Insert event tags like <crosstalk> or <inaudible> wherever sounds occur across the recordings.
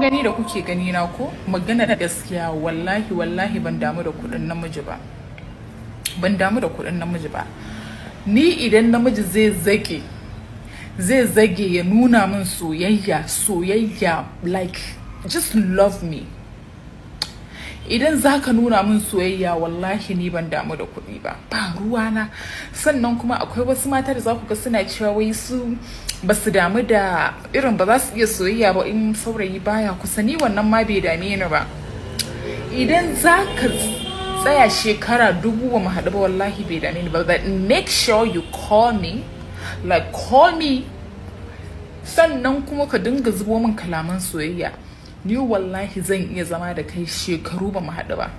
gani da kuke gani na ko magana da gaskiya wallahi wallahi ban damu da kudin namiji ba ban damu da kudin namiji ba ni idan namiji zai zage zai zage ya nuna min soyayya soyayya like just love me idan za ka nuna min soyayya wallahi ni ban damu da kuɗi ba ba ruwana sannan kuma akwai wasu mata da za ku ga suna cewa wai su ba su damu da irin ba za su iya soyayya ba in saurayi baya kusa ni wannan ma bai dame ni ba idan za ka tsaya shekara dubu wa mahaɗu ba wallahi bai dame ni ba but make sure you call me like call me sannan kuma ka dinga zubo min kalaman soyayya ni wallahi zan iya zama da kai shekaru ba mu haɗu ba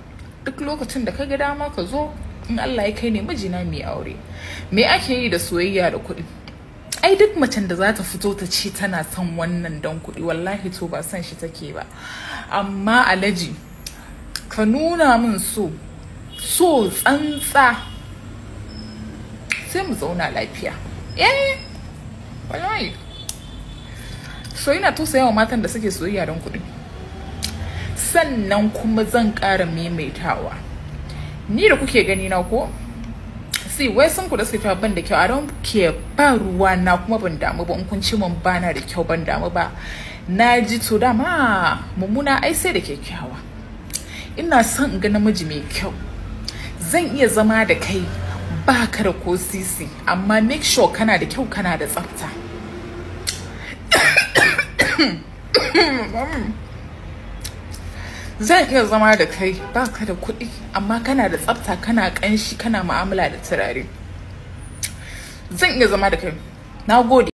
duk lokacin da ka ga dama ka zo in Allah ya kai ne mijina mai aure me ake yi da soyayya da kuɗi ai duk macen da za ta fito ta ce tana son wannan dan kuɗi wallahi to ba son shi take ba amma alaji ka nuna min so so tsantsa sai mu zauna lafiya eh wallahi so ina tausaya matan da suke soyayya don kuɗi sannan kuma zan ƙara maimaitawa ni da kuke gani na ko si wai sun ku da suke ban da kyau a don ke ba ruwa na kuma ban damu ba in kun ci mun bana da kyau ban damu ba na ji to dama mumuna ai sai da kyakkyawa ina son in ga namiji mai kyau zan iya zama da kai ba ka da ko sisi amma make sure kana da kyau kana da tsafta <coughs> <coughs> <coughs> zan iya zama da kai ba ka da kuɗi amma kana da tsafta kana ƙanshi kana mu'amala da turare zan iya zama da kai na gode